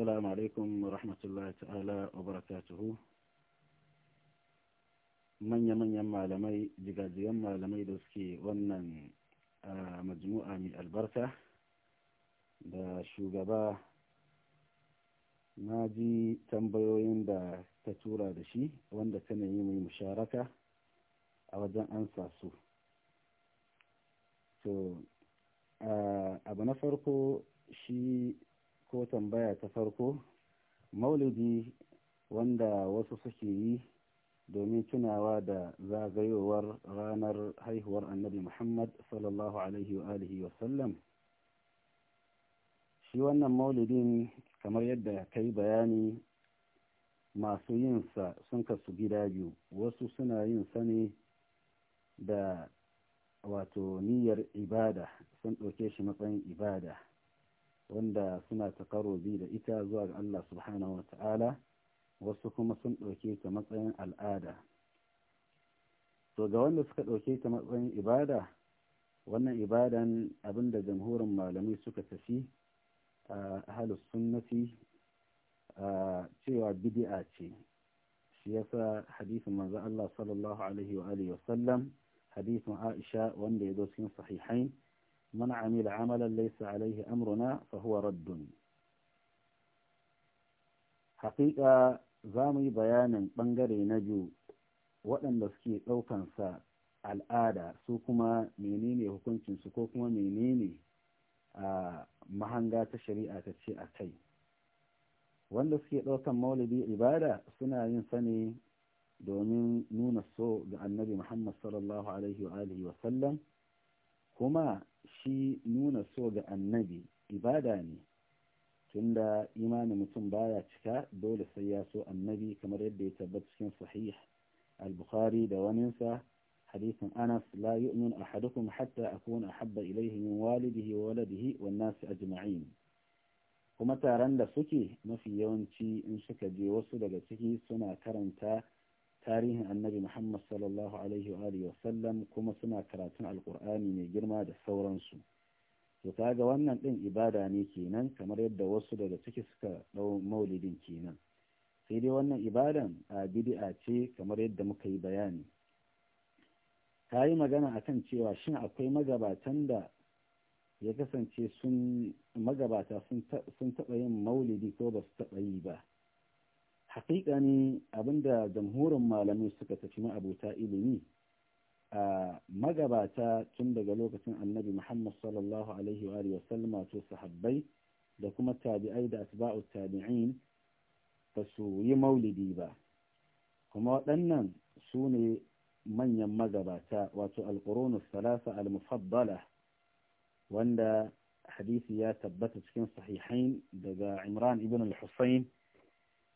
السلام عليكم ورحمة ta'ala wa وبركاته manya manyan malamai jigajigan malamai da suke wannan majmu'a mai albarka da shugaba na ji tambayoyin da ta tura da shi wanda ta yi mai musharaka a wajen ansa su to abu na farko shi ko tambaya ta farko maulidi wanda wasu suke yi domin tunawa da zagayowar ranar haihuwar annabi muhammad sallallahu alaihi wa alihi shi wannan maulidin kamar yadda ka yi bayani masu yinsa sun kasu gida biyu wasu suna yin sa ne da wato niyyar ibada sun ɗauke shi matsayin ibada wanda suna takarobi da ita zuwa ga Allah subhanahu wa ta'ala wasu kuma sun ɗauke ta matsayin al'ada to ga wanda suka ɗauke ta matsayin ibada wannan ibadan abinda jamhurin malamai suka tafi a halus sunnati cewa bid'a ce shi yasa hadisin manzo Allah sallallahu alaihi wa sallam hadisin Aisha wanda ya zo cikin sahihain من عمل عملا ليس عليه haƙiƙa فهو رد حقيقة زامي بيانا بنغري نجو waɗanda suke ɗaukansa al'ada su kuma menene hukuncinsu ko kuma menene a mahanga ta shari'a ta ce a kai wanda suke ɗaukan maulidi ibada suna yin sani domin nuna so ga annabi muhammad sallallahu kuma shi nuna so ga annabi ibada ne tunda imanin mutum baya cika dole sai ya so annabi kamar yadda ya tabbata cikin sahih al-bukhari da waninsa hadisin anas la yu'min ahadukum hatta akuna ahabba ilayhi min walidihi wa waladihi wan nasi ajma'in kuma taron da suke mafi yawanci in suka je wasu daga ciki suna karanta tarihin annabi muhammad sallallahu alaihi wasallam kuma suna karatun alkur'ani mai girma da sauransu to kaga wannan din ibada ne kenan kamar yadda wasu daga ciki suka dau maulidin kenan sai dai wannan ibadan a bid'a ce kamar yadda muka yi bayani ta yi magana akan cewa shin akwai magabatan da ya kasance sun magabata sun taɓa yin maulidi ko ba su taɓa yi ba haƙiƙa ne abinda jamhurin malamai suka tafi ma'abota ilimi a magabata tun daga lokacin annabi muhammad sallallahu alaihi wa alihi to sahabbai da kuma tabi'ai da asba'u tabi'in ba su yi maulidi ba kuma waɗannan su ne manyan magabata wato alƙurunu salasa al-mufaddala wanda hadisi ya tabbata cikin sahihain daga imran ibn al-husayn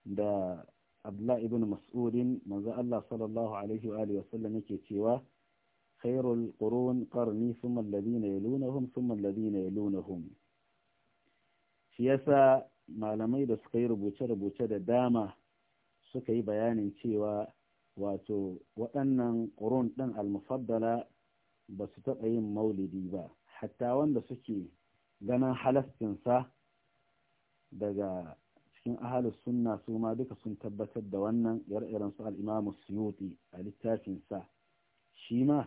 da abdullahi ibn mas'udin manzo Allah sallallahu alaihi wa alihi wasallam yake cewa khairul qurun qarni thumma alladhina yalunhum thumma alladhina yalunhum shi yasa malamai da suka yi rubuce-rubuce da dama suka yi bayanin cewa wato waɗannan ƙurun ɗin almufaddala ba su taɓa yin maulidi ba hatta wanda suke ganin halastinsa daga cikin ahalus sunna su ma duka sun tabbatar da wannan yar'iran su al'imamu suyuti a littafinsa shi ma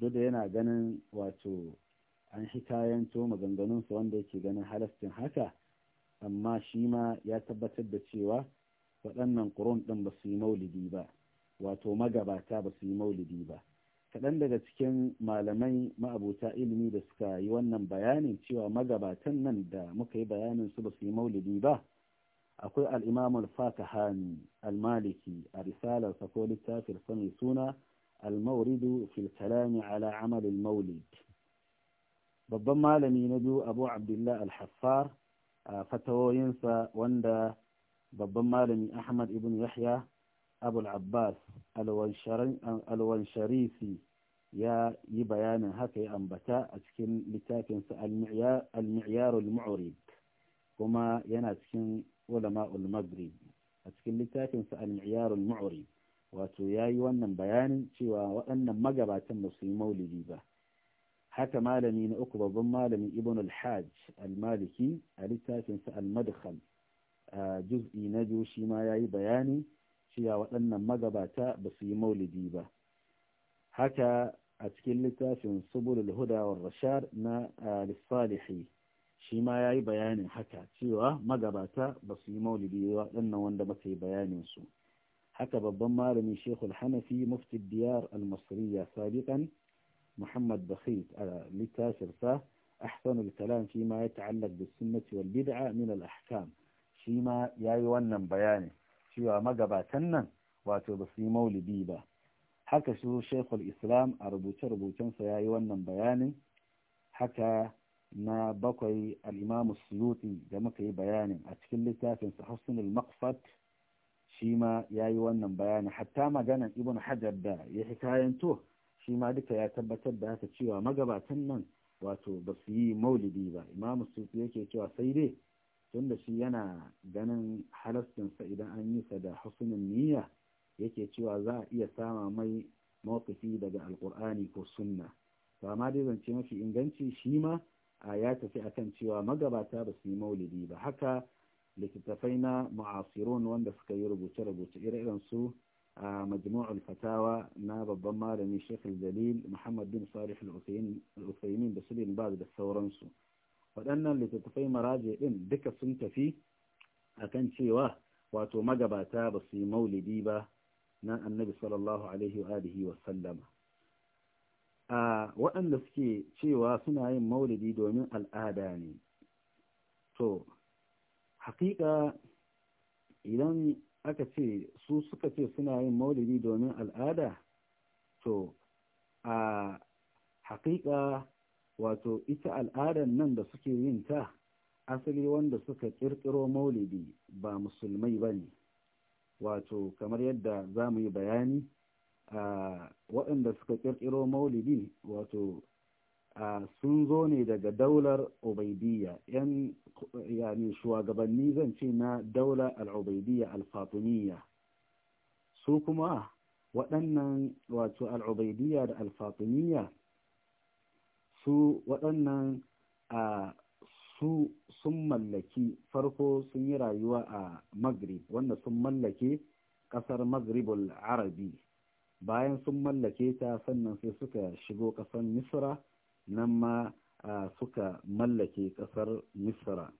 duk yana ganin wato an hikayanto maganganunsa wanda yake ganin halastin haka amma shi ma ya tabbatar da cewa waɗannan kuron ɗin ba su yi maulidi ba wato magabata ba su yi maulidi ba kaɗan daga cikin malamai ma'abuta ilimi da suka yi wannan bayanin cewa magabatan nan da muka yi bayanin su ba su yi maulidi ba akwai al-imam al-fakahani al-maliki a risalar ko littafin mai suna al-mawridu fil ala amal al-maulid babban malami na biyu abu abdullah al-haffar a fatawoyinsa wanda babban malami ahmad ibn yahya abul abbas al-wansharisi ya yi bayanin haka ya ambata a cikin littafinsa al-mi'yarul mu'rid kuma yana cikin ulama al-maghrib a cikin littafin sa al-iyar al-mu'ri wato yayi wannan bayanin cewa waɗannan magabatan ba su yi maulidi ba haka malami na uku babban malami ibn al-hajj al-maliki a littafin sa al-madkhal juz'i na biyu shi ma yayi bayani cewa waɗannan magabata ba su yi maulidi ba haka a cikin littafin subulul huda war rashad na lissalihi shi ma ya yi bayanin haka cewa magabata ba su yi maulidi wa waɗannan wanda ba muka yi bayanin su haka babban malami shekul hanafi mufti diyar al-masriya sabiqan muhammad bakhit a littafinsa ahsanul kalam shi ma ya ta'allaq bis sunnati wal bid'a min al ahkam shi ma yayi wannan bayani cewa magabatan nan wato ba su yi maulidi ba haka shi shekul islam a rubuce-rubucensa ya yi wannan bayanin haka na bakwai al'imamu suyuti da muka yi bayanin a cikin littafin husnul maqsad shi ma ya yi wannan bayanin hatta maganan ibn hajar da ya to shi ma duka ya tabbatar da haka cewa magabatan nan wato ba su yi maulidi ba imamu suyuti yake cewa sai dai tun da shi yana ganin halastinsa idan an yi sa da husnul niyya yake cewa za a iya sama mai mawakafi daga alkur'ani ko sunna to amma dai zance mafi inganci shi ma ya tafi akan cewa magabata ba su yi maulidi ba haka littattafai na mu'asirun wanda suka yi rubuce-rubuce iri iren su a majmu'ul fatawa na babban malami Sheikh Jalil Muhammad bin Salih al-Uthaymeen da Sulaiman ba da sauransu waɗannan littattafai maraje din duka sun tafi akan cewa wato magabata ba su yi maulidi ba na annabi sallallahu alaihi wa alihi wa sallama a waɗanda suke cewa suna yin maulidi domin al'ada ne to haƙiƙa idan aka ce su suka ce suna yin maulidi domin al'ada to a haƙiƙa wato ita al'adar nan da suke yin ta asali wanda suka ƙirƙiro maulidi ba musulmai ba ne wato kamar yadda za mu yi bayani waɗanda suka ƙirƙiro maulidi wato sun zo ne daga daular ubaidiyya yan yani shugabanni zan ce na daula al'ubaidiyya al su kuma waɗannan wato al'ubaidiyya da al su waɗannan a su sun mallaki farko sun yi rayuwa a maghrib wanda sun mallake ƙasar maghribul arabi bayan sun mallake ta sannan sai suka shigo ƙasar misra nan ma suka mallake ƙasar misra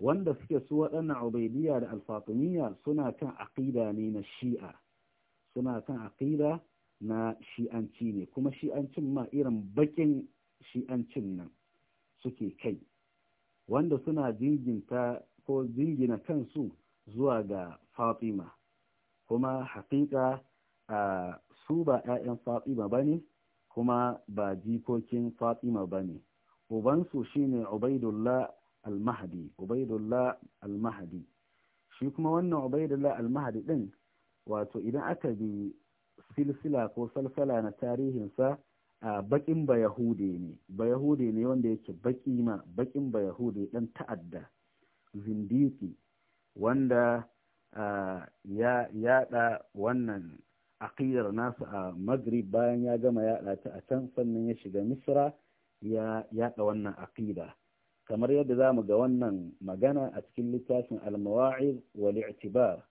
wanda suke su waɗannan ubaidiyya da alfatimiyya suna kan aƙida ne na shi'a suna kan aƙida na shi'anci ne kuma shi'ancin ma irin baƙin shi'ancin nan suke kai wanda suna jinginta ko jingina kansu zuwa ga fatima kuma haƙiƙa a su ba 'ya'yan fatima ba ne kuma ba jikokin fatima ba ne ubansu shine ne al-mahdi ubaidullah al-mahdi shi kuma wannan ubaidullah al-mahdi din wato idan aka bi silsila ko salsala na tarihinsa a bakin bayahude ne Bayahudi ne wanda yake baki ma bakin Bayahudi. dan ta'adda zindiki wanda ya yada wannan aƙidar nasu a maghrib bayan ya gama yaɗa ta a can sannan ya shiga misra ya yaɗa wannan aƙida kamar yadda za mu ga wannan magana a cikin littafin al-mawa'iz wal i'tibar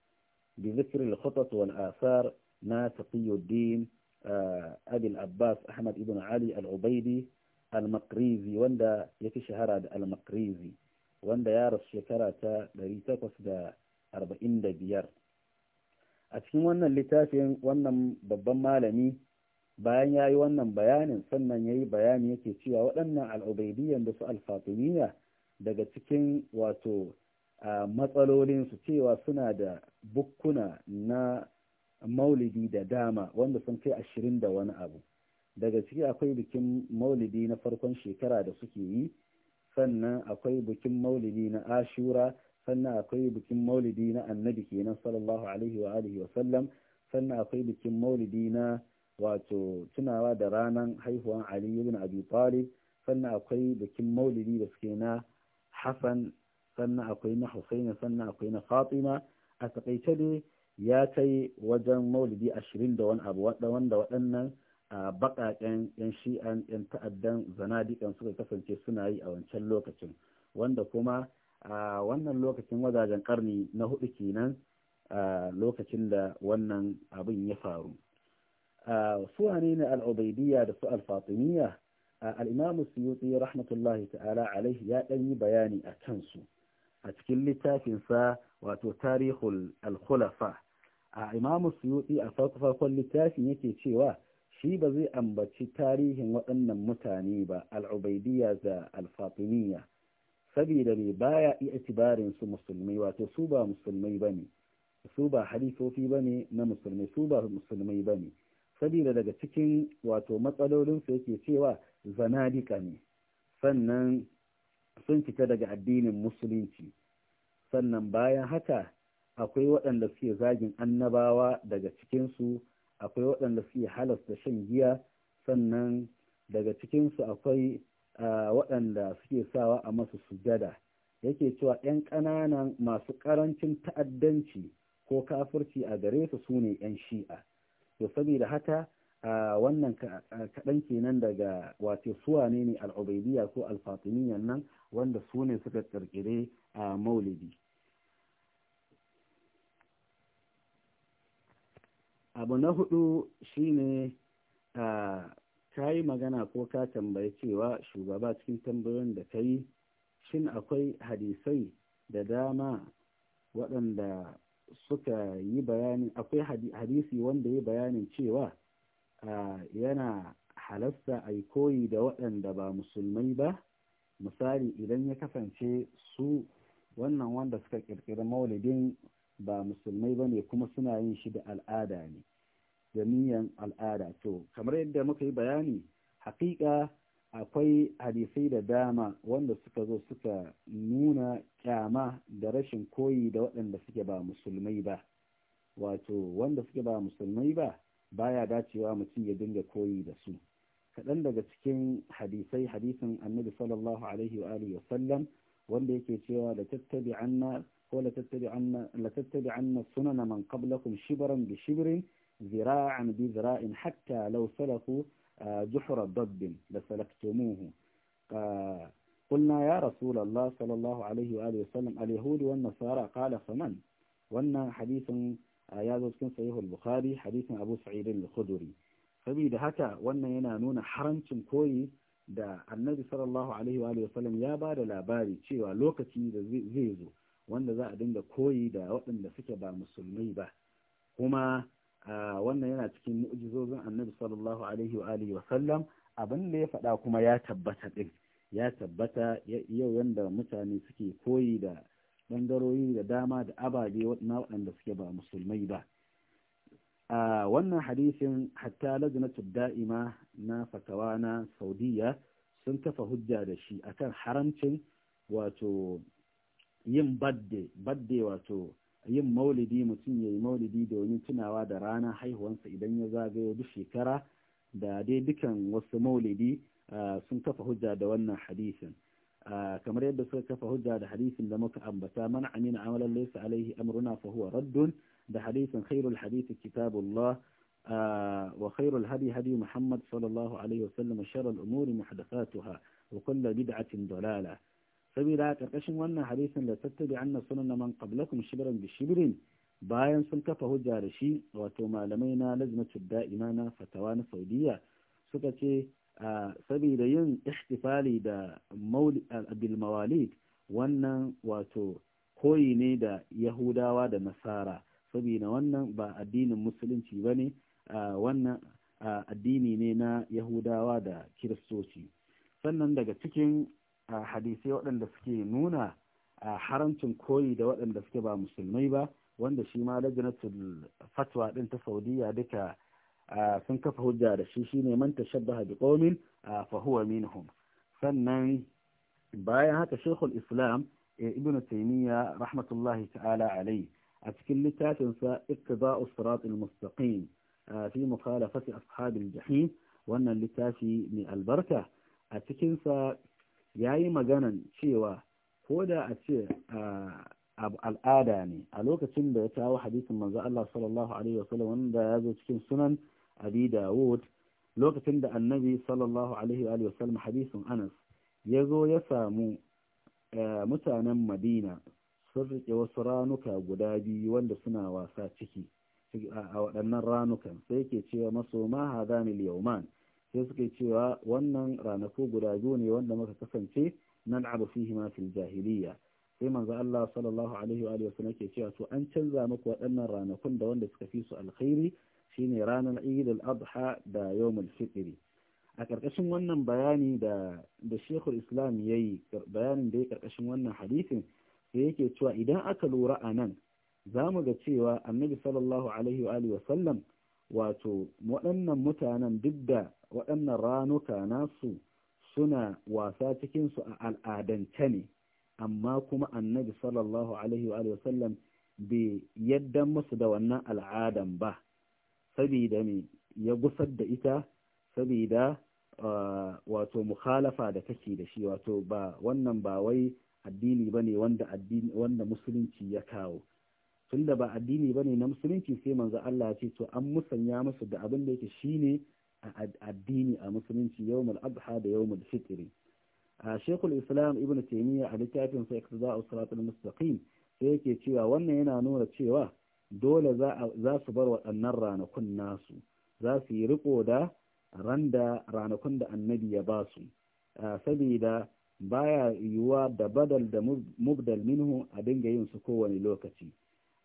bi zikr khutat wal asar na taqiyuddin eh, abi abbas ahmad ibn ali al-ubaidi al-maqrizi wanda yafi shahara da al-maqrizi wanda ya rasu shekara ta 845 a cikin wannan littafin wannan babban malami bayan ya yi wannan bayanin sannan ya yi bayani yake cewa waɗannan al'ubaidiyyan da su alfatuniya daga cikin wato a matsalolinsu cewa suna da bukkuna na maulidi da dama wanda sun kai ashirin da wani abu daga ciki akwai bikin maulidi na farkon shekara da suke yi sannan akwai bikin maulidi na ashura sannan akwai bikin maulidi na annabi kenan sallallahu alaihi wa alihi wa sallam sannan akwai bikin maulidi na wato tunawa da ranan haihuwan ali ibn abi talib sannan akwai bikin maulidi da suke na hasan sannan akwai na husaina sannan akwai na fatima a takaice dai ya kai wajen maulidi ashirin da wani abu wanda waɗannan a baƙaƙen yan shi'an yan ta'addan zanadikan suka kasance suna yi a wancan lokacin wanda kuma a wannan lokacin wazajen karni na hudu kenan lokacin da wannan abin ya faru su ne al'ubaidiyya da su al-fatimiyya al'imamu suyuti rahmatullahi ta'ala alaihi ya ɗan yi bayani a kansu a cikin littafinsa wato tarihul al-khulafa a imamu suyuti a farkon littafin yake cewa shi ba zai ambaci tarihin waɗannan mutane ba al'ubaidiyya da al-fatimiyya saboda ya baya i'tibarin su musulmai wato su ba musulmai bane su ba halifofi bane na musulmai su ba musulmai bane Sabida daga cikin wato matsalolinsu yake cewa zanadika ne sannan sun fita daga addinin musulunci sannan bayan haka akwai waɗanda suke zagin annabawa daga cikinsu akwai waɗanda suke halasta shan giya sannan daga cikinsu akwai waɗanda suke sawa a masu sujada yake cewa 'yan ƙananan masu ƙarancin ta'addanci ko kafirci a gare su su ne 'yan shi'a to saboda haka wannan kaɗan kenan daga wato suwa ne al'ubaidiyya ko alfatimiyan nan wanda su ne suka ƙirƙire a maulidi abu na hudu shine ka yi magana ko ka tambayi cewa shugaba cikin tambayoyin da ka yi shin akwai hadisai da dama waɗanda suka yi bayanin akwai hadisi wanda ya bayanin cewa yana halasta a koyi da waɗanda ba musulmai ba misali idan ya kasance su wannan wanda suka ƙirƙiri maulidin ba musulmai ba ne kuma suna yin shi da al'ada ne da niyan al'ada to kamar yadda muka yi bayani haƙiƙa akwai hadisai da dama wanda suka zo suka nuna kyama da rashin koyi da waɗanda suke ba musulmai ba wato wanda suke ba musulmai ba baya dacewa mutum ya dinga koyi da su kaɗan daga cikin hadisai hadisin annabi sallallahu alaihi wa alihi wasallam wanda yake cewa da tattabi anna ko la tattabi anna la tattabi anna sunana man qablakum shibran bi shibrin ذراعا بذراع حتى لو سلكوا آه، جحر ضب لسلكتموه قلنا يا رسول الله صلى الله عليه وآله وسلم اليهود والنصارى قال فمن وانا حديث آه، يا ذكر صحيح البخاري حديث أبو سعيد الخدري فبيد هكا وانا ينانون حرنتم كوي دا النبي صلى الله عليه وآله وسلم يا بار لا باري شيوا لوكتي زيزو وانا ذا دا كوي دا وانا فكبا مسلمي با هما Ah, wannan yana cikin mu'jizozin annabi sallallahu alaihi wa alihi wa sallam abin da ya faɗa kuma ya tabbata din ya tabbata yau yanda mutane suke koyi da bangarori da dama da ababe na waɗanda suke ba musulmai ba a ah, wannan hadisin hatta lajnatu da'ima na fatawa na saudiya sun tafa hujja da shi akan haramcin wato yin badde badde wato yin maulidi mutum yayi maulidi domin tunawa da rana haihuwansa idan ya zagayo duk shekara da dai dukan wasu maulidi sun kafa hujja da wannan hadisin kamar yadda suka kafa hujja da hadisin da muka ambata man amina amalan laysa alayhi amruna fa huwa raddun da hadisin khairul hadith kitabullah wa khairul hadi hadi muhammad sallallahu alaihi wasallam sharral umuri muhdathatuha wa kullu bid'atin dalalah saboda karkashin wannan hadisin da tattabi anna sunan man qablakum shibran bi shibrin bayan sun kafa hujja da shi wato malamai na lazmatu da'ima na fatawa na saudiya suka ce saboda yin ihtifali da bil mawalid wannan wato koyi ne da yahudawa da nasara saboda wannan ba addinin musulunci bane ne wannan addini ne na yahudawa da kiristoci sannan daga cikin hadisai waɗanda suke nuna haramcin koyi da waɗanda suke ba musulmai ba wanda shi ma lajinatul fatwa ɗin ta saudiya duka sun kafa hujja da shi shine man tashabbaha bi qaumin fa huwa minhum sannan bayan haka shekul islam eh, ibn taymiya rahmatullahi ta'ala alai a cikin littafinsa iqtida'us siratul mustaqim fi mukhalafati ashabil jahim wannan littafi mai albarka a cikinsa ya yi maganan cewa ko da a ce al'ada ne a lokacin da ya kawo hadisin manzo Allah sallallahu alaihi wasallam wanda ya zo cikin sunan Abi Dawud lokacin da annabi sallallahu alaihi wa sallam hadisin Anas ya zo ya samu eh, mutanen Madina sun rike wasu ranuka guda biyu wanda suna wasa ciki a waɗannan ranukan sai ke cewa maso ma hadani yauman sai suke cewa wannan ranaku guda biyu ne wanda muka kasance nan abu fihi ma fil jahiliya sai manzo Allah sallallahu alaihi wa alihi wasallam yake cewa to an canza muku waɗannan ranakun da wanda suka fi su alkhairi shine ranar Eid al-Adha da Yawm al-Fitr a karkashin wannan bayani da da Sheikhul Islam yayi bayanin da ya karkashin wannan hadisin sai yake cewa idan aka lura anan zamu ga cewa Annabi sallallahu alaihi wa alihi wasallam wato waɗannan mutanen duk da waɗannan ranuka nasu suna wasa cikinsu a al'adance ne amma kuma annabi sallallahu alaihi wa sallam bai yadda musu da wannan al'adan ba sabida ne ya gusar da ita sabida wato mukhalafa da take da shi wato ba wannan ba wai addini bane wanda wanda musulunci ya kawo da ba addini bane na musulunci sai manzo Allah ya ce to an musanya musu da abin da yake shine addini a musulunci yawmul adha da yawmul fitr a shekul islam ibn taymiya a littafin sa iqtida'u siratal mustaqim sai yake cewa wannan yana nuna cewa dole za su bar waɗannan ranakun nasu za su yi riko da randa ranakun da annabi ya ba su saboda baya yiwuwa da badal da mubdal minhu a dinga yin su kowane lokaci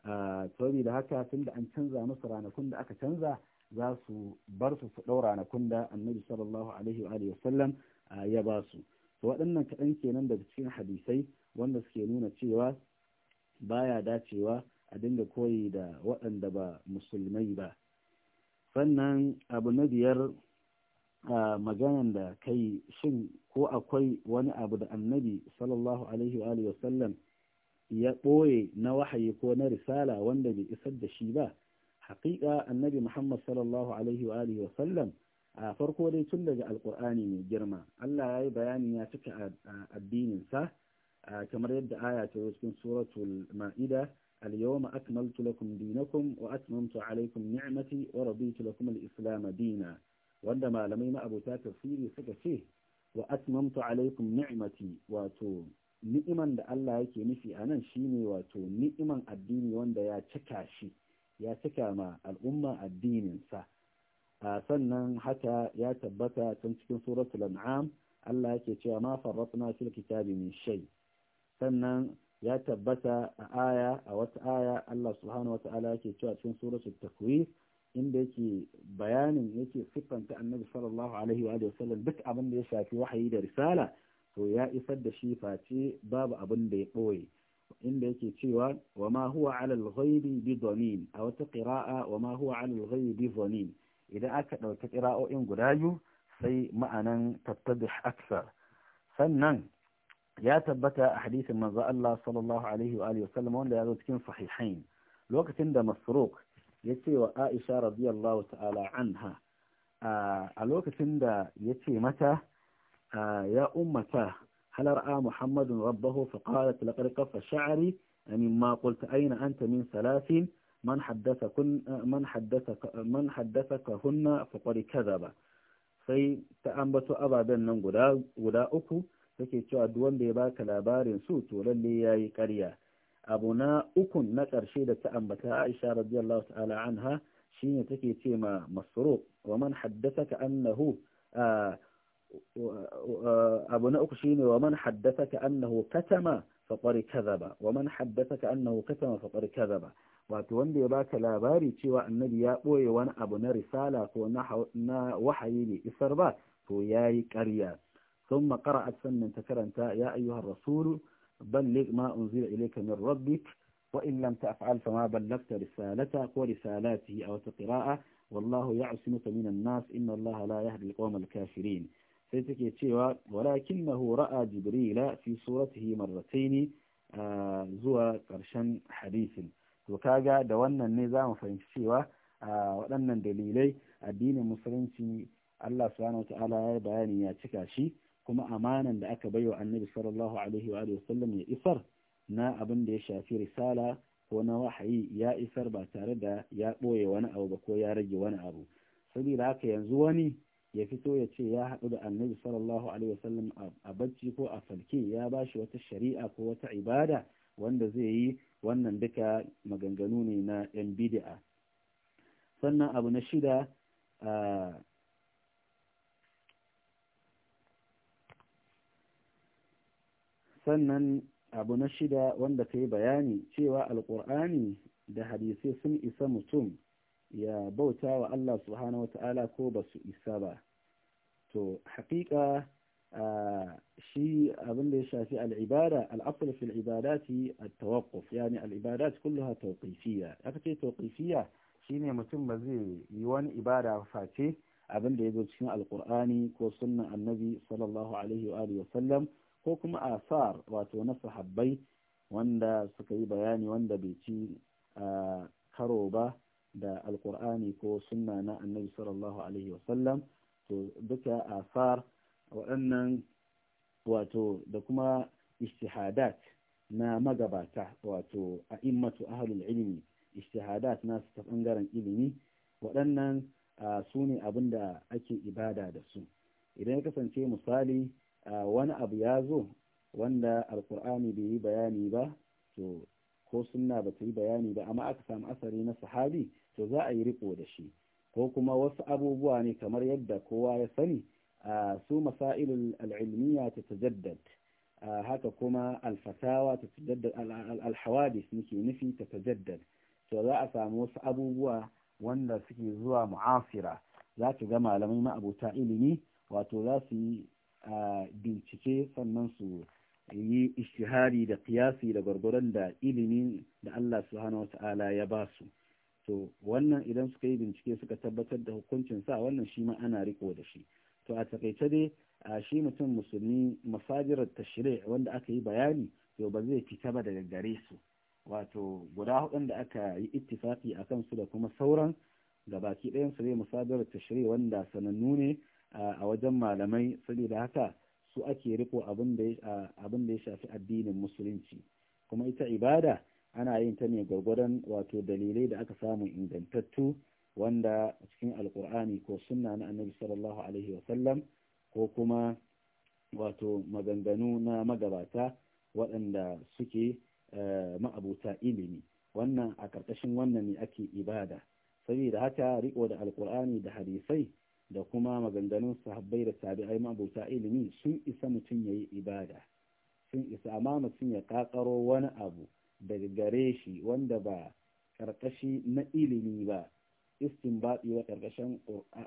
Ah, da haka tun da an canza musu ranakun da aka canza za su bar su su ɗau ranakun da annabi sallallahu alaihi wa sallam ah, ya ba su to waɗannan kaɗan kenan daga cikin hadisai wanda suke nuna cewa baya dacewa a dinga koyi da waɗanda ba musulmai ba sannan abu na biyar ah, maganan da kai shin ko akwai wani abu da annabi sallallahu alaihi wa sallam ya ɓoye na wahayi ko na risala wanda bai isar da shi ba haƙiƙa annabi muhammad sallallahu alaihi wa alihi a farko dai tun daga alkur'ani mai girma allah ya yi bayani ya cika addininsa kamar yadda aya ta cikin suratul ma'ida اليوم أكملت لكم دينكم وأتممت عليكم نعمتي ورضيت لكم الإسلام دينا وعندما لمينا أبو تاتر سيري سكشيه وأتممت عليكم نعمتي واتو ni'iman da Allah yake nufi a nan shine wato ni'iman addini wanda ya cika shi ya cika ma al'umma addininsa sannan haka ya tabbata tun cikin suratul an'am Allah yake cewa ma farratna fil kitabi min shay sannan ya tabbata a aya a wata aya Allah subhanahu wata'ala yake cewa cikin suratul takwir inda yake bayanin yake siffanta annabi sallallahu alaihi wa sallam duk abin da ya shafi wahayi da risala to ya isar da shi face babu abin da ya ɓoye inda yake cewa wa ma huwa alal ghaibi bi dhanin a wata qira'a wa ma huwa alal ghaibi bi dhanin idan aka ɗauki qira'o'in guda biyu sai ma'anan tattadih aksar sannan ya tabbata a hadisin manzo Allah sallallahu alaihi wa alihi wasallam wanda ya zo cikin sahihain lokacin da masruk ya ce wa Aisha radiyallahu ta'ala anha a lokacin da ya ce mata يا أمتاه هل رأى محمد ربه فقالت لقد قف شعري مما قلت أين أنت من ثلاث من حدثكن من حدثك من حدثكهن فقد كذب sai ta ambato ababen nan guda uku take cewa duk wanda ya baka labarin su to lalle yayi ƙarya abu na ukun na ƙarshe da ta ambata Aisha radiyallahu ta'ala anha shine take ce ma Masruq wa man haddathaka annahu أبو نأخشيني ومن حدثك أنه كتم فقر كذبا ومن حدثك أنه كتم فقر كذبا وكوان دي باك لا باري تيوى النبي يأوي وان أبو نرسالة ونحونا وحييني إسربا فوياي كريا ثم قرأت سنة تكرنت يا أيها الرسول بلغ ما أنزل إليك من ربك وإن لم تفعل فما بلغت رسالتك ورسالاته أو تقراءة والله يعصمك من الناس إن الله لا يهدي القوم الكافرين sai take cewa walakinnahu a jibrila fi suratihi marrataini ah, zuwa ƙarshen hadisin to kaga da wannan ne za mu fahimci cewa ah, waɗannan dalilai addinin musulunci Allah subhanahu ta'ala ya bayani ya cika shi kuma amanan da aka wa annabi sallallahu alaihi wa sallam ya isar na abin da ya shafi risala ko na wahayi ya isar ba tare da ya ɓoye wani abu ba ko ya rage wani abu saboda haka yanzu wani ya fito ya ce ya haɗu da annabi sallallahu alaihi wasallam a bacci ko a falke ya ba shi wata shari'a ko wata ibada wanda zai yi wannan duka maganganu ne na yan bid'a sannan abu na shida sannan abu na shida wanda ta yi bayani cewa alkur'ani da hadisai sun isa mutum ya bauta wa Allah subhanahu wata'ala ko ba su isa ba to haƙiƙa shi abin da ya shafi al'ibada al'afula fil ibadati at-tawaqquf yani al'ibadat kulluha tawqifiyya aka ce tawqifiyya shine mutum ba zai yi wani ibada face abin da ya zo cikin alqur'ani ko sunnan annabi sallallahu alaihi wa alihi wasallam ko kuma asar wato na sahabbai wanda suka yi bayani wanda bai ci karo ba da alkur'ani ko sunna na annabi sallallahu alaihi wasallam to duka asar waɗannan wato da kuma istihadat na magabata wato a immatu ahalul ilimi istihadat na su ta ɓangaren ilimi waɗannan su ne abin da ake ibada da su idan ya kasance misali wani abu ya zo wanda alkur'ani bai yi bayani ba to ko sunna ba ta yi bayani ba amma aka samu asari na sahabi to za a yi riko da shi ko kuma wasu abubuwa ne kamar yadda kowa ya sani su masailul al'ilmiya ta tajaddad haka kuma alfatawa ta tajaddad alhawadis muke nufi ta tajaddad to za a samu wasu abubuwa wanda suke zuwa mu'asira za ka ga malamai ma'abuta ilimi wato za su yi bincike sannan su yi ishihari da kiyasi da gwargwaron da ilimin da Allah subhanahu ya ba su to wannan idan suka yi bincike suka tabbatar da hukuncin sa wannan shi ma ana riko da shi to a takaice dai a shi mutum musulmi masajirar tashire wanda aka yi bayani to ba zai fita ba daga gare su wato guda hudun da aka yi ittifaki a kan su da kuma sauran ga baki ɗayan su zai musajirar tashire wanda sanannu ne a wajen malamai saboda haka su ake riko abin da ya shafi addinin musulunci kuma ita ibada ana yin ta ne gwargwadon wato dalilai da aka samu ingantattu wanda cikin alkur'ani ko sunna na annabi sallallahu alaihi wasallam ko kuma wato maganganu na magabata waɗanda suke eh, ma'abuta ilimi wannan a ƙarƙashin wannan ne ake ibada saboda haka riko da alkur'ani da hadisai da kuma maganganun sahabbai da tabi'ai ma'abuta ilimi sun isa mutum ya yi ibada sun isa amma mutum ya ƙaƙaro wani abu daga gare shi wanda ba karkashi na ilimi ba istinbati da karkashin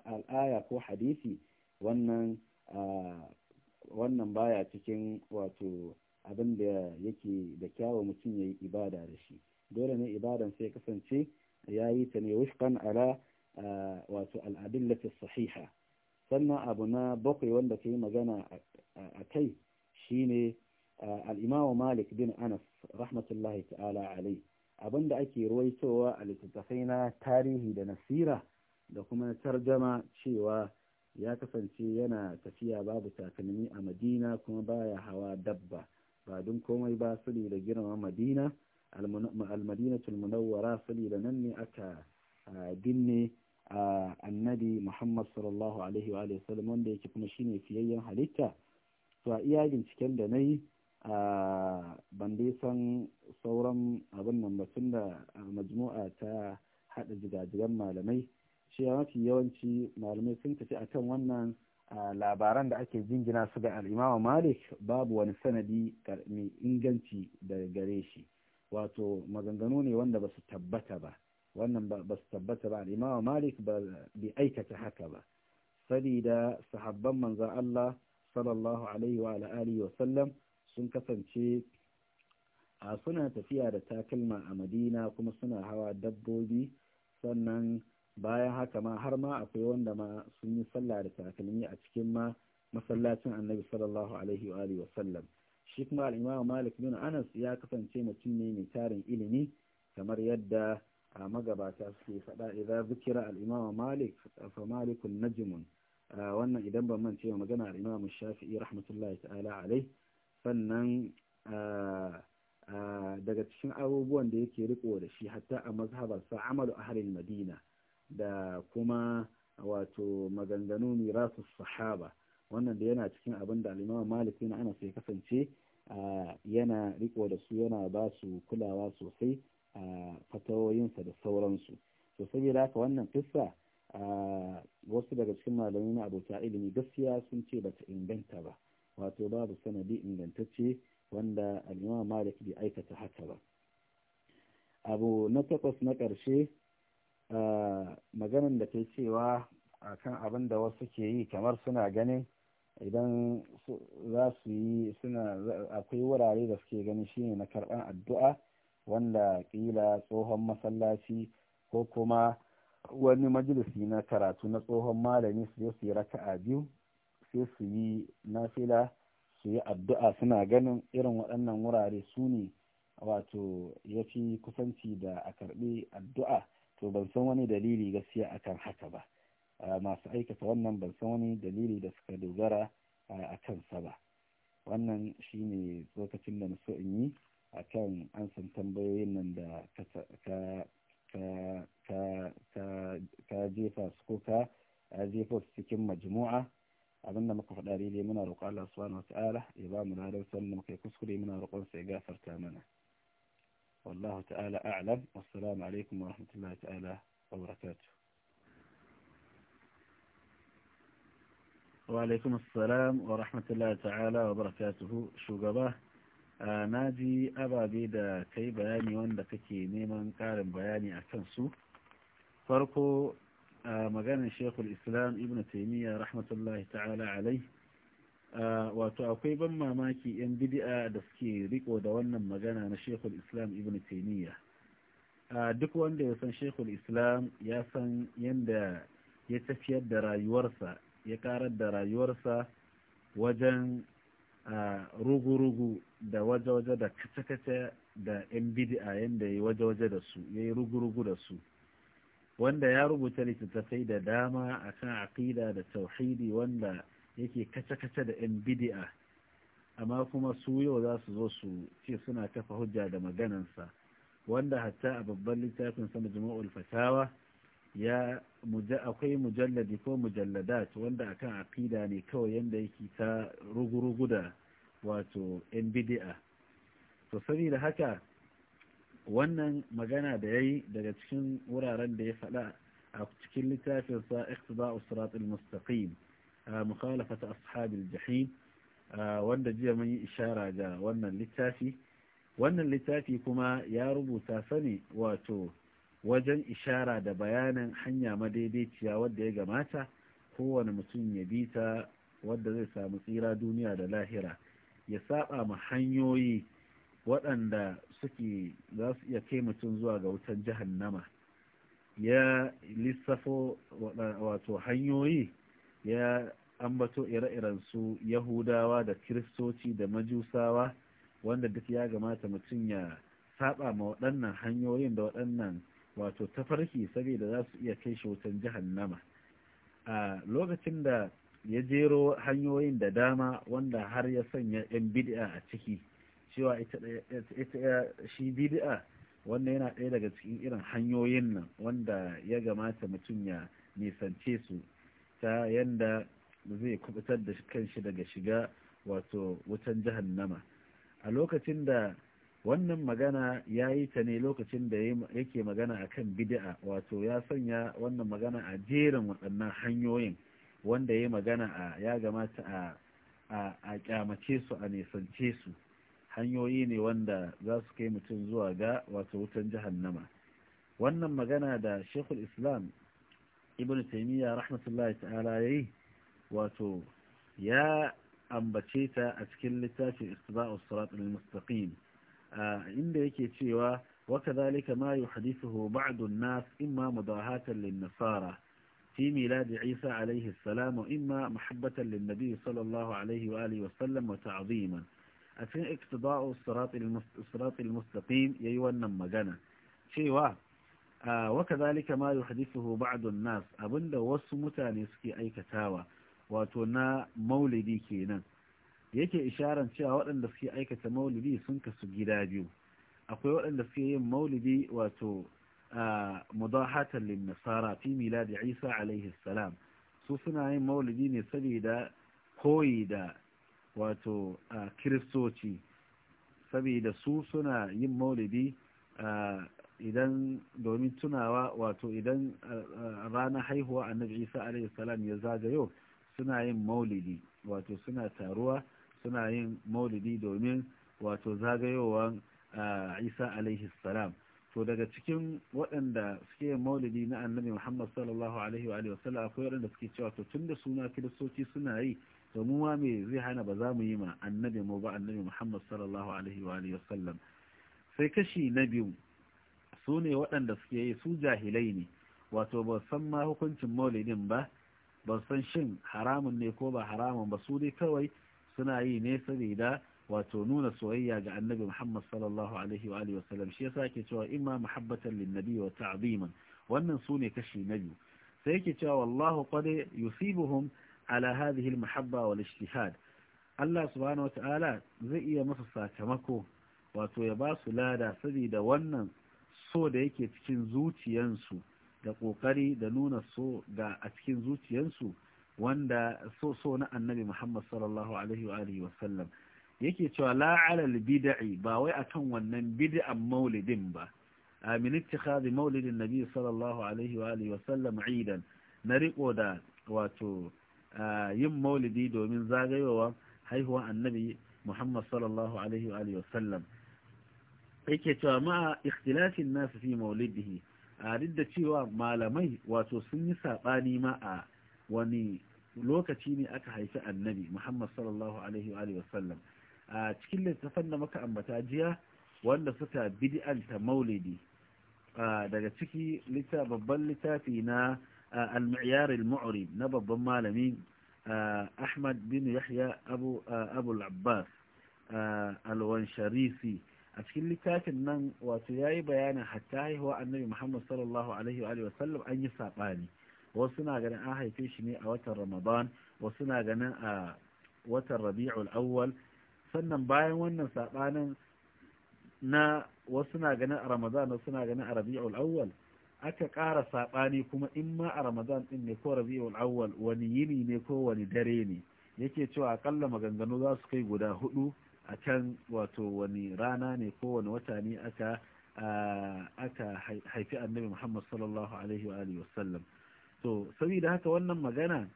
al'aya ko hadisi wannan wannan baya cikin wato abin da yake da kyawu mutum ya yi ibada da shi dole ne ibadan sai kasance ya yi ta ne wifkan ala wato al'adun lafi sahiha sannan abu na bakwai wanda ka yi magana a kai shine al'imawa malik bin anas rahmatullahi ta'ala alai abinda ake ruwaitowa a littattafai na tarihi da nasira da kuma na tarjama cewa ya kasance yana tafiya babu takalmi a madina kuma baya hawa dabba ba don komai ba suli da girma madina almadinatul munawwara suli da nan ne aka binne annabi muhammad sallallahu alaihi wa sallam wanda yake kuma shine fiyayyen halitta to a iya binciken da na yi ban dai san sauran abin nan ba da majmu'a ta haɗa jigajigan malamai shi mafi yawanci malamai sun tafi kan wannan labaran da ake jingina su ga al'imama malik babu wani sanadi mai inganci da gare shi wato maganganu ne wanda ba su tabbata ba wannan ba su tabbata ba al'imama malik ba bai aikata haka ba sabida sahabban manzan allah sallallahu alaihi wa sallam sun kasance a suna tafiya da takalma a madina kuma suna hawa dabbobi sannan bayan haka ma har ma akwai wanda ma sun yi sallah da takalmi a cikin ma masallacin annabi sallallahu alaihi wa alihi wasallam shi kuma malik bin anas ya kasance mutum ne mai tarin ilimi kamar yadda a magabata suke faɗa idan zikira al malik fa malikun najmun wannan idan ban mance magana al shafi'i rahmatullahi ta'ala alaihi sannan daga cikin abubuwan da yake riko da shi hatta a mazhabarsa amalu ahalin madina da kuma wato maganganu mirasu sahaba wannan da yana cikin abin da alimawa maliki na ana ya kasance yana riko da su yana ba su kulawa sosai a fatawoyinsa da sauransu to saboda haka wannan kissa wasu daga cikin malamai na abota ilimi gaskiya sun ce bata inganta ba wato babu sanadi ingantacce wanda al'imam malik bai aikata haka ba abu na takwas na ƙarshe maganan da ke cewa akan abin da wasu ke yi kamar suna ganin idan za su yi suna akwai wurare da suke ganin shine na karɓar addu'a wanda ƙila tsohon masallaci ko kuma wani majalisi na karatu na tsohon malami su je su yi raka'a biyu sai su yi nafila su yi addu'a suna ganin irin waɗannan wurare su ne wato ya fi kusanci da a karɓi addu'a to ban san wani dalili gaskiya akan haka ba masu aikata wannan ban san wani dalili da suka dogara a kansa ba wannan shi ne lokacin da na so in yi a kan an san tambayoyin nan da ka jefa su ko ka jefa su cikin majmu'a أبنى مكف الأريل من أرق على أصوان وتعالى إبام الأهل وسلم كي كسكري من أرق سيقافر تامنا والله تعالى أعلم والسلام عليكم ورحمة الله تعالى وبركاته وعليكم السلام ورحمة الله تعالى وبركاته شو آه، نادي أبا بيدا كي بياني وان لكي نيمان كارم بياني أكنسو فرقو maganin shekul islam ibnu taimiyya rahmatullahi ta'ala alai wato akwai ban mamaki 'yan bidi'a da suke riko da wannan magana na shekul islam ibnu taimiyya duk wanda ya san shekul islam ya san yadda ya tafiyar da rayuwarsa ya karar da rayuwarsa wajen rugu-rugu da waje-waje da kace da 'yan bidi'a yadda ya waje-waje da yi rugu da su wanda ya rubuta littattafai da dama akan aqida da tauhidi wanda yake kace-kace da yan bid'a amma kuma su yau za su zo su ce suna kafa hujja da maganansa wanda hatta a babban littafin sa majmu'ul fatawa ya akwai mujalladi ko mujalladat wanda akan aqida ne kawai yanda yake ta rugurugu da wato yan bid'a to saboda haka wannan magana da ya yi daga cikin wuraren da ya faɗa a cikin littafinsa iqtida'u siratul mustaqim mukhalafata ashabil jahim wanda jiya mun yi ishara ga wannan littafi wannan littafi kuma ya rubuta sani wato wajen ishara da bayanin hanya madaidaiciya wadda ya gamata kowane mutum ya bi ta wadda zai samu tsira duniya da lahira ya saba ma hanyoyi waɗanda suke za su iya kai mutum zuwa ga wutan jahannama ya lissafo wato hanyoyi ya ambato ire-iren su yahudawa da kiristoci da majusawa wanda duk ya gamata mutum ya saba ma waɗannan hanyoyin da waɗannan wato tafarki saboda za su iya kai shi wutan jahannama a lokacin da ya jero hanyoyin da dama wanda har ya sanya 'yan bid'a a ciki cewa ita shi bid'a wannan yana ɗaya daga cikin irin hanyoyin nan wanda ya gamata mutum ya nisance su ta yanda zai kubutar da kanshi daga shiga wato wutan jahannama a lokacin da wannan magana ya yi ta ne lokacin da yake magana a kan bid'a wato ya sanya wannan magana a jerin waɗannan hanyoyin wanda ya magana a ya gamata a kyamace su a nisance su hanyoyi ne wanda za su kai mutum zuwa ga wato wutan jahannama wannan magana da shekul islam ibn taimiyya rahmatullahi ta'ala yayi wato ya ambace ta a cikin littafin istiba'u sirat mustaqim inda yake cewa وكذلك ما يحدثه بعض الناس إما مضاهاة للنصارى في ميلاد عيسى عليه السلام وإما محبة للنبي صلى a cikin iktida'u siratul mustaqim yayi wannan magana cewa wa kadhalika ma yuhdithuhu ba'd an-nas abinda wasu mutane suke aikatawa wato na maulidi kenan yake isharan cewa waɗanda suke aikata maulidi sun kasu gida biyu akwai waɗanda suke yin maulidi wato mudahatan lin nasara fi milad isa alaihi salam su suna yin maulidi ne saboda koyi da wato a kiristoci saboda su suna yin maulidi idan domin tunawa wato idan ranar haihuwa annabi isa alaihi salam ya zagayo suna yin maulidi wato suna taruwa suna yin maulidi domin wato zagayowan isa alaihi salam to daga cikin waɗanda suke maulidi na annabi muhammad sallallahu alaihi wa sallam akwai waɗanda suke cewa to tun da suna kiristoci suna yi to mu ma me zai hana ba za mu yi ma annabi mu ba annabi Muhammad sallallahu alaihi wa alihi wasallam sai kashi na biyu su ne waɗanda suke yi su jahilai ne wato ba san ma hukuncin maulidin ba ba san shin haramun ne ko ba haramun ba su dai kawai suna yi ne saboda wato nuna soyayya ga annabi Muhammad sallallahu alaihi wa alihi wasallam shi yasa yake cewa imma muhabbatan linnabi wa ta'ziman wannan su ne kashi na biyu sai yake cewa wallahu qad yusibuhum ala hadhihi al-mahabba wal ijtihad Allah subhanahu wata'ala zai iya masa sakamako wato ya ba su lada saboda wannan so da yake cikin zuciyansu da kokari da nuna so ga a cikin zuciyansu wanda so so na annabi Muhammad sallallahu alaihi wa alihi sallam yake cewa la ala bid'i ba wai akan wannan bid'an maulidin ba min ittikhadhi maulidin nabi sallallahu alaihi wa alihi sallam idan na riko da wato yin maulidi domin zagayowa haihuwa annabi muhammad sallallahu alaihi wa alihi wasallam yake cewa ma'a ikhtilafin nasu fi maulidihi a duk da cewa malamai wato sun yi saɓani ma a wani lokaci ne aka haifi annabi muhammad sallallahu alaihi wa alihi wasallam a cikin littafin da muka ambata jiya wanda suka bid'anta maulidi daga ciki babban littafi na al-mi'yar muri na babban malami ahmad bin yahya abu abul abbas al-wansharisi a cikin littafin nan wato yayi bayanin hatta haihuwa annabi muhammad sallallahu alaihi wa yi sabani an haife shi ne a watan ramadan wasu na a watan rabi'ul awwal sannan bayan wannan sabanin na wasu ganin a ramadan wasu na ganin a rabi'ul awwal aka ƙara saɓani kuma in ma a ramadan ɗin ne ko rabi'ul awwal wani yini ne ko wani dare ne yake cewa akalla maganganu za su kai guda hudu a can wato wani rana ne ko wani wata ne aka aka haifi annabi muhammad sallallahu alaihi wa alihi wasallam to saboda haka wannan magana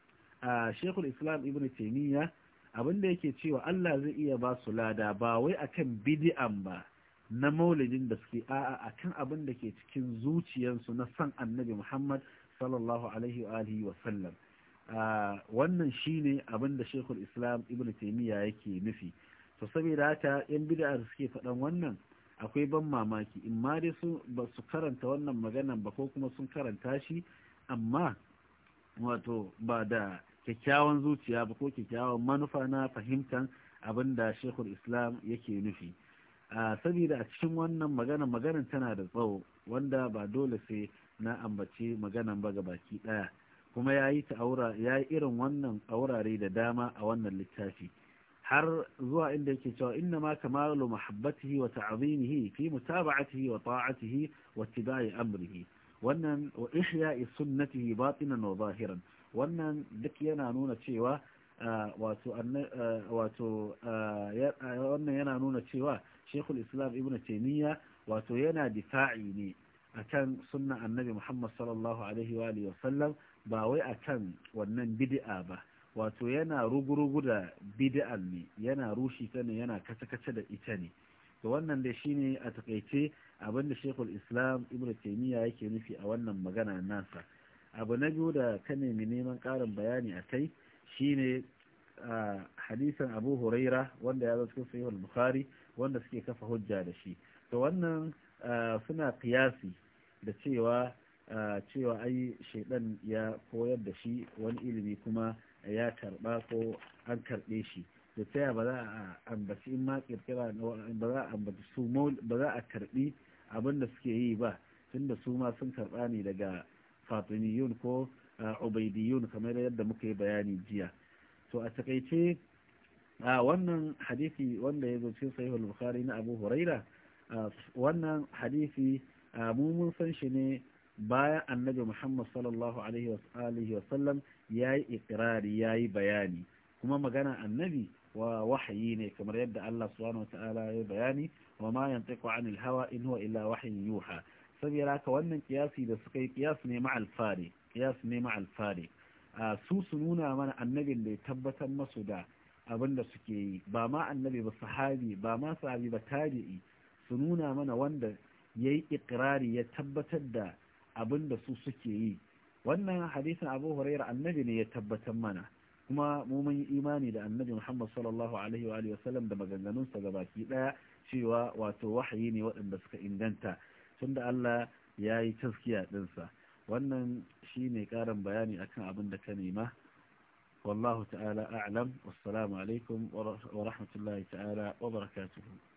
a shekul islam ibn taimiyya abinda yake cewa allah zai iya ba su lada ba wai akan bid'an ba na maulidin da suke a'a a kan abin da ke cikin zuciyarsu na san annabi Muhammad sallallahu alaihi wa alihi wa sallam wannan shine abin da Sheikhul Islam Ibn Taymiyyah yake nufi to saboda haka yan bid'a suke faɗan wannan akwai ban mamaki in ma dai su ba su karanta wannan maganan ba ko kuma sun karanta shi amma wato ba da kyakkyawan zuciya ba ko kyakkyawan manufa na fahimtar abin da Sheikhul Islam yake nufi saboda a cikin wannan magana maganan tana da tsawo wanda ba dole sai na ambaci maganan ba baki daya kuma ya yi ya yi irin wannan a wurare da dama a wannan littafi har zuwa inda yake cewa inna ma kamalu mahabbatihi wa ta'zimihi fi mutaba'atihi wa ta'atihi wa tibai amrihi wannan wa ihya'i sunnatihi batinan wa zahiran wannan duk yana nuna cewa wato wato wannan yana nuna cewa shekul islam ibn taimiyya wato yana difa'i ne akan sunna annabi muhammad sallallahu alaihi wa alihi wasallam ba wai akan wannan bid'a ba wato yana rugurugu da bid'an ne yana rushi ta ne yana kace-kace da ita ne to wannan da shine a takaice abinda shekul islam ibn taimiyya yake nufi a wannan magana nasa abu na biyu da kane nemi neman ƙarin bayani a kai shine ah, hadisan abu huraira wanda ya zo cikin sahihul bukhari wanda suke kafa hujja da shi to wannan eh, suna kiyasi da cewa eh, cewa ai shaidan ya koyar da shi wani ilimi kuma ya karba ko an karbe shi da taya ba za a ambaci in ma kirkira ba za a ambaci su ba za a karbi abin da suke yi ba tunda su ma sun karba ne daga fatimiyun ko eh, ubaidiyun kamar yadda muka yi bayani jiya to a takaice a wannan hadisi wanda ya zo cikin sahihul bukhari na abu huraira wannan hadisi mu mun san shi ne bayan annabi muhammad sallallahu alaihi wa alihi ya yi yayi ya yi bayani kuma magana annabi wa wahyi ne kamar yadda allah subhanahu wa ta'ala ya bayani wa ma yantiqu anil hawa in huwa illa wahyin yuha saboda haka wannan kiyasi da suka yi kiyas ne ma alfari kiyas ne ma su su nuna mana annabin da ya tabbatar masu da abin da suke yi ba ma annabi ba sahabi ba ma sahabi ba tabi'i su nuna mana wanda ya yi ikirari ya tabbatar da abin da su suke yi wannan hadisin abu huraira annabi ne ya tabbatar mana kuma mu mun yi imani da annabi muhammad sallallahu alaihi wa sallam da maganganunsa ga baki daya cewa wato wahayi ne waɗanda suka inganta tunda allah ya yi taskiya ɗinsa wannan shine ƙarin bayani akan abin da ka nema والله تعالى أعلم والسلام عليكم ورحمة الله تعالى وبركاته